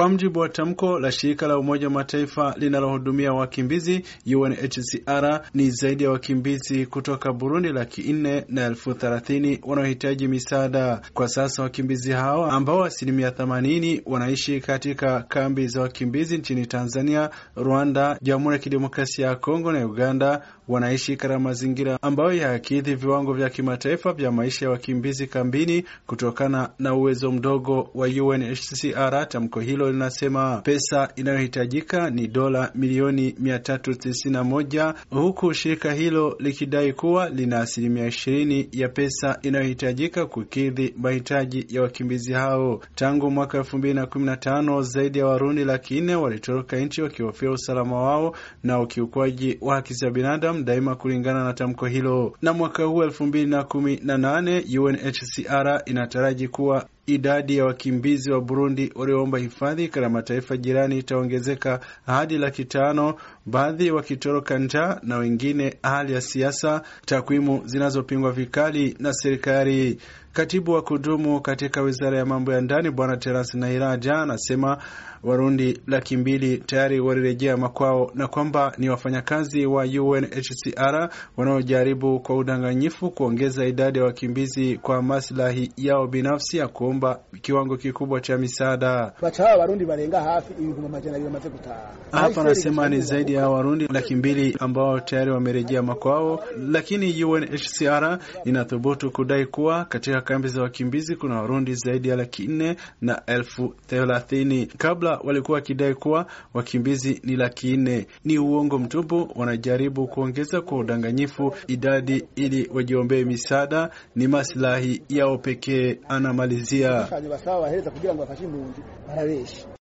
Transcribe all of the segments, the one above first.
Kwa mjibu wa tamko la shirika la Umoja wa Mataifa linalohudumia wakimbizi UNHCR, ni zaidi ya wakimbizi kutoka Burundi laki nne na elfu thelathini wanaohitaji misaada kwa sasa. Wakimbizi hao ambao asilimia themanini wanaishi katika kambi za wakimbizi nchini Tanzania, Rwanda, Jamhuri ya Kidemokrasia ya Kongo na Uganda wanaishi katika mazingira ambayo yakidhi viwango vya kimataifa vya maisha ya wakimbizi kambini kutokana na uwezo mdogo wa UNHCR. Tamko hilo linasema pesa inayohitajika ni dola milioni 391 huku shirika hilo likidai kuwa lina asilimia 20 ya pesa inayohitajika kukidhi mahitaji ya wakimbizi hao. Tangu mwaka 2015 zaidi ya Warundi laki nne walitoroka nchi wakihofia usalama wao na ukiukwaji wa haki za binadamu daima, kulingana na tamko hilo. Na mwaka huu 2018 UNHCR inataraji kuwa idadi ya wakimbizi wa Burundi walioomba hifadhi katika mataifa jirani itaongezeka hadi laki tano, baadhi wakitoroka njaa na wengine hali ya siasa, takwimu zinazopingwa vikali na serikali. Katibu wa kudumu katika wizara ya mambo ya ndani Bwana Terence Nahiraja anasema Warundi laki mbili tayari walirejea makwao na kwamba ni wafanyakazi wa UNHCR wanaojaribu kwa udanganyifu kuongeza idadi ya wa wakimbizi kwa maslahi yao binafsi ya kuomba kiwango kikubwa cha misaada. Hapa anasema ni zaidi ya Warundi laki mbili ambao tayari wamerejea makwao, lakini UNHCR inathubutu kudai kuwa katika katika kambi za wakimbizi kuna Warundi zaidi ya laki nne na elfu thelathini. Kabla walikuwa wakidai kuwa wakimbizi ni laki nne. Ni uongo mtupu. Wanajaribu kuongeza kwa udanganyifu idadi ili wajiombee misaada, ni masilahi yao pekee, anamalizia.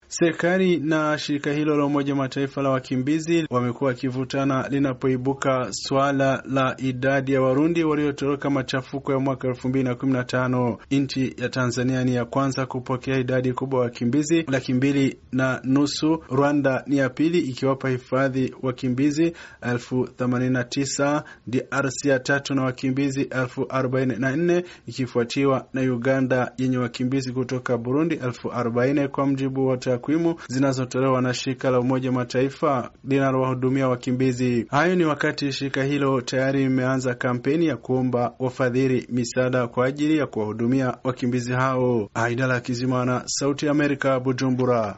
Serikali na shirika hilo la Umoja Mataifa la wakimbizi wamekuwa wakivutana linapoibuka swala la idadi ya Warundi waliotoroka machafuko ya mwaka elfu mbili na kumi na tano. Nchi ya Tanzania ni ya kwanza kupokea idadi kubwa ya wakimbizi laki mbili na nusu. Rwanda ni ya pili ikiwapa hifadhi wakimbizi elfu themanini na tisa, DRC ya tatu na wakimbizi elfu arobaini na nne ikifuatiwa na Uganda yenye wakimbizi kutoka Burundi elfu arobaini kwa mjibu wote takwimu zinazotolewa na shirika la Umoja Mataifa linalowahudumia wakimbizi. Hayo ni wakati shirika hilo tayari limeanza kampeni ya kuomba wafadhili misaada kwa ajili ya kuwahudumia wakimbizi hao. Aidala Kizimana, Sauti ya Amerika, Bujumbura.